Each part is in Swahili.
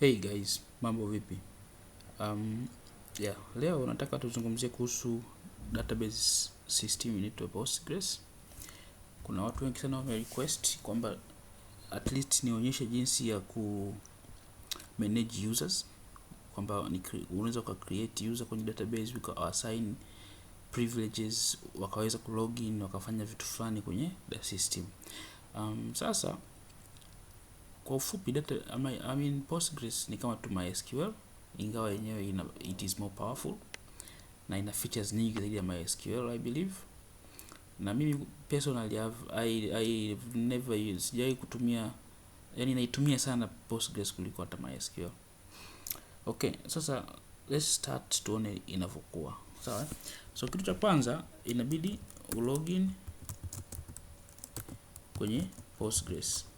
Hey guys, mambo vipi? Um, yeah, leo nataka tuzungumzie kuhusu database system inaitwa Postgres. Kuna watu wengi sana wame request kwamba at least nionyeshe jinsi ya ku manage users kwamba unaweza uka create user kwenye database uka assign privileges wakaweza ku login wakafanya vitu fulani kwenye the system. Um, sasa kwa ufupi data, I mean Postgres ni kama tu MySQL ingawa yenyewe ina, it is more powerful na ina features nyingi zaidi ya MySQL I believe. Na mimi personally have, I, I never use sijawahi kutumia yani naitumia sana Postgres kuliko hata MySQL. Okay, sasa let's start tuone inavyokuwa. Sawa? So kitu cha kwanza inabidi ulogin kwenye Postgres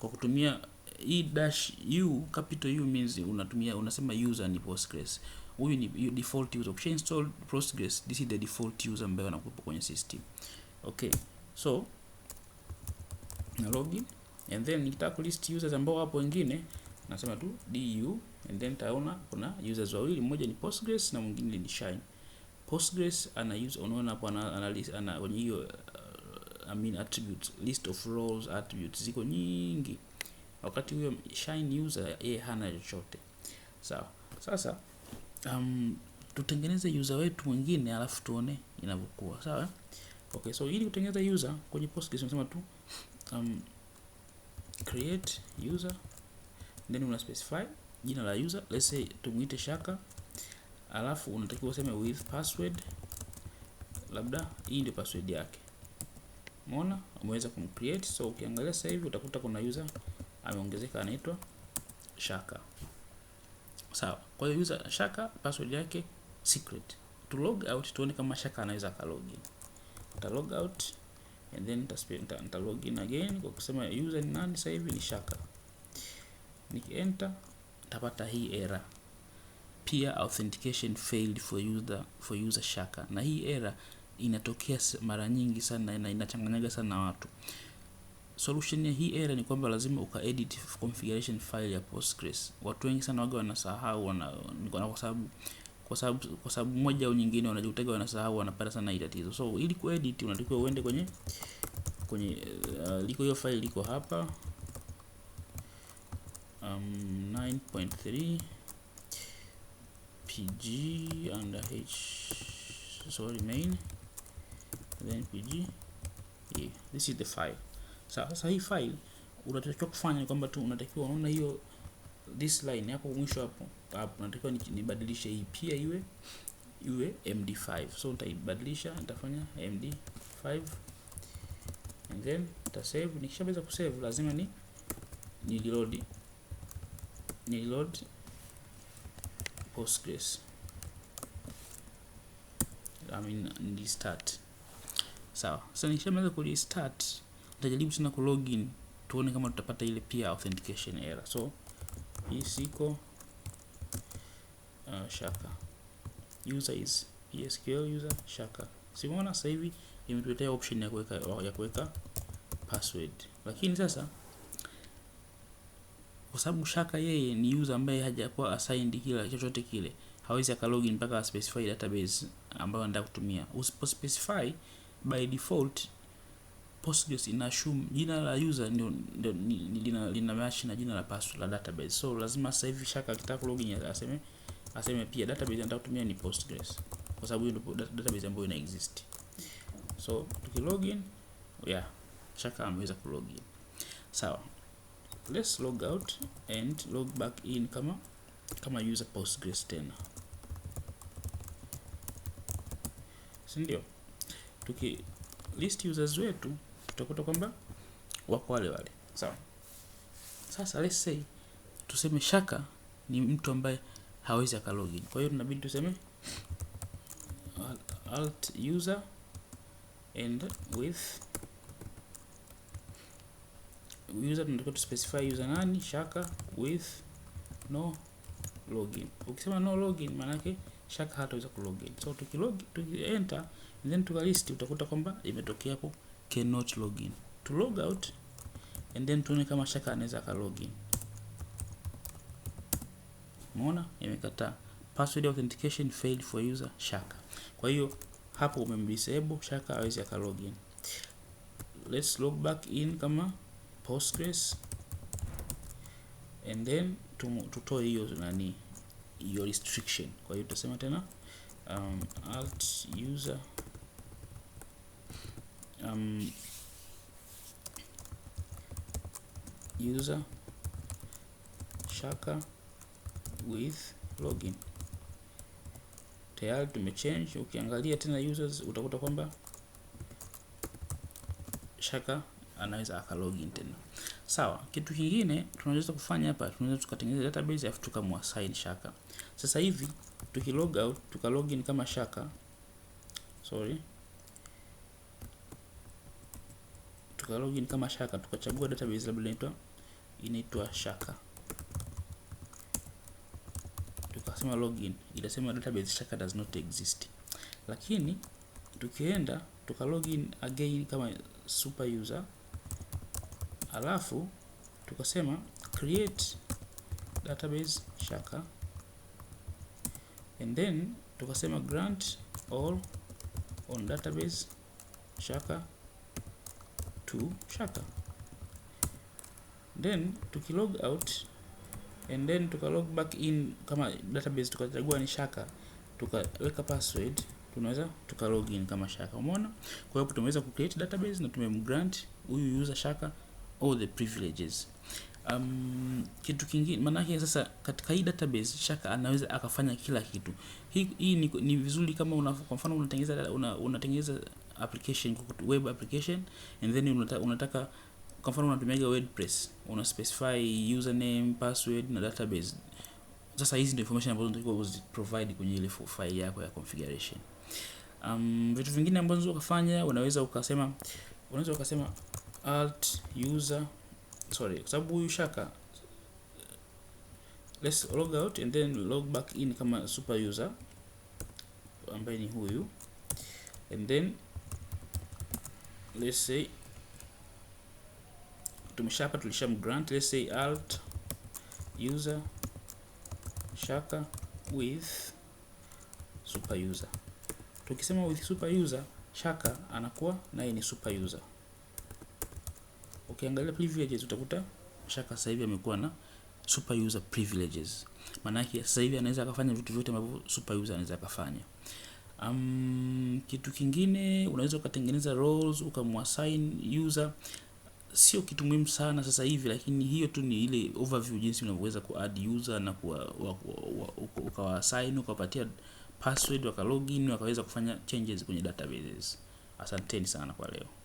kwa kutumia hii e dash u capital u means unatumia unasema user ni Postgres. Huyu ni default user. Ukisha install Postgres, this is the default user ambaye anakupa kwenye system. Okay. So na login and then nikitaka ku list users ambao wapo wengine nasema tu du and then taona kuna users wawili, mmoja ni Postgres na mwingine ni Shine. Postgres ana use unaona hapo ana, ana, ana, ana, hiyo I mean attributes, list of roles attributes ziko nyingi, wakati huyo shine user yeye hana chochote sawa. So, Sasa um, tutengeneze user wetu mwingine alafu tuone inavyokuwa sawa. So, Okay, so ili kutengeneza user kwenye Postgres unasema tu um, create user then una specify jina la user, let's say tumuite Shaka, alafu unatakiwa useme with password, labda hii ndio password yake umeona umeweza kumcreate. So ukiangalia sasa hivi utakuta kuna user ameongezeka anaitwa Shaka. Sawa. Kwa hiyo user Shaka password yake secret. To log out tuone kama Shaka anaweza ka log in. Ta log out and then ta, ta log in again kwa kusema user ni nani sasa hivi ni Shaka. Niki enter tapata hii error. Peer authentication failed for user for user Shaka. Na hii error inatokea mara nyingi sana na inachanganyaga sana watu. Solution ya hii error ni kwamba lazima uka edit configuration file ya Postgres. Watu wengi sana waga wanasahau wana, kwa sababu kwa sababu kwa sababu moja au nyingine wanajikuta wanasahau wanapata sana hii tatizo. So ili ku edit unatakiwa uende kwenye kwenye uh, liko hiyo file liko hapa um, 9.3 pg under h sorry main then pg yeah. This is the file. Sasa hii file unatakiwa kufanya ni kwamba tu unatakiwa unaona hiyo this line hapo mwisho hapo hapo unatakiwa nibadilishe hii pia iwe iwe md5. So nitaibadilisha nitafanya md5 and then nitasave. Nikishamaliza kusave lazima ni ni reload ni reload Postgres. I mean, start Sawa, sasa nikishamaliza ku restart nitajaribu tena ku login tuone kama tutapata ile pia authentication error. So hii siko uh, shaka user is PSQL user shaka. Simona sasa hivi imetuletea option ya kuweka oh, ya kuweka password, lakini sasa kwa sababu shaka yeye ni user ambaye hajakuwa assigned kila chochote kile, hawezi akalogin mpaka specify database ambayo anataka kutumia. Usipo specify by default Postgres ina assume jina la user ndio ndio lina lina match na jina la password la database. So lazima sasa hivi Shaka akitaka login aseme aseme pia database nataka kutumia ni Postgres kwa sababu hiyo ndio database ambayo ina exist. So tuki login yeah, Shaka ameweza ku login. Sawa. So, let's log out and log back in kama kama user Postgres tena. Sindio? ndio? tuki list users wetu tutakuta kwamba wako wale wale sawa. Sasa let's say tuseme Shaka ni mtu ambaye hawezi aka login, kwa hiyo tunabidi tuseme alt user and with user tunataka to specify user nani, Shaka with no login. Ukisema no login, maana yake Shaka hataweza kulogin. So tuki log tuki enter then tuka list utakuta kwamba imetokea hapo cannot login. To log out and then tuone kama Shaka anaweza ka login. Umeona imekataa password authentication failed for user Shaka. Kwa hiyo hapo umemdisable Shaka hawezi aka login. Let's log back in kama Postgres and then tutoe hiyo nani hiyo restriction. Kwa hiyo tutasema tena um, alt user um, user shaka with login. Tayari tumechange. Ukiangalia tena users utakuta kwamba shaka anaweza aka login tena. Sawa, kitu kingine tunaweza kufanya hapa, tunaweza tukatengeneza database afu tukamwasign shaka. Sasa hivi tukilog out tukalogin kama shaka, sorry katika login kama Shaka, tukachagua database labda inaitwa inaitwa Shaka, tukasema login, itasema database Shaka does not exist. Lakini tukienda tuka login again kama super user, alafu tukasema create database Shaka and then tukasema grant all on database Shaka to Shaka. Then tukilog out and then tukalog back in, kama database tukachagua ni Shaka, tukaweka password, tunaweza tukalog in kama Shaka. Umeona? Kwa hiyo tumeweza kucreate database na tumemgrant huyu user Shaka all the privileges. Um, kitu kingine maanake sasa katika hii database Shaka anaweza akafanya kila kitu. Hii, hii ni, ni vizuri kama una, kwa mfano unatengeneza una, unatengeneza application web application and then unataka, unataka kwa mfano unatumiaga WordPress una specify username, password na database. Sasa hizi ndio information ambazo unatakiwa uzi provide kwenye ile file yako ya configuration. Um, vitu vingine ambazo unaweza kufanya, unaweza ukasema unaweza ukasema alt user sorry, kwa sababu huyu shaka let's log out and then log back in kama super user ambaye ni huyu and then let's say tumeshapa tulisha mgrant let's say alt user shaka with super user. Tukisema with super user, shaka anakuwa naye ni super user. Ukiangalia okay, privileges utakuta shaka sasa hivi amekuwa na super user privileges, maana yake sasa hivi anaweza akafanya vitu vyote ambavyo super user anaweza akafanya. Um, kitu kingine unaweza ukatengeneza roles ukamwassign user, sio kitu muhimu sana sasa hivi, lakini hiyo tu ni ile overview jinsi unavyoweza ku-add user na ukawaassign ukawapatia password waka login wakaweza kufanya changes kwenye databases. Asanteni sana kwa leo.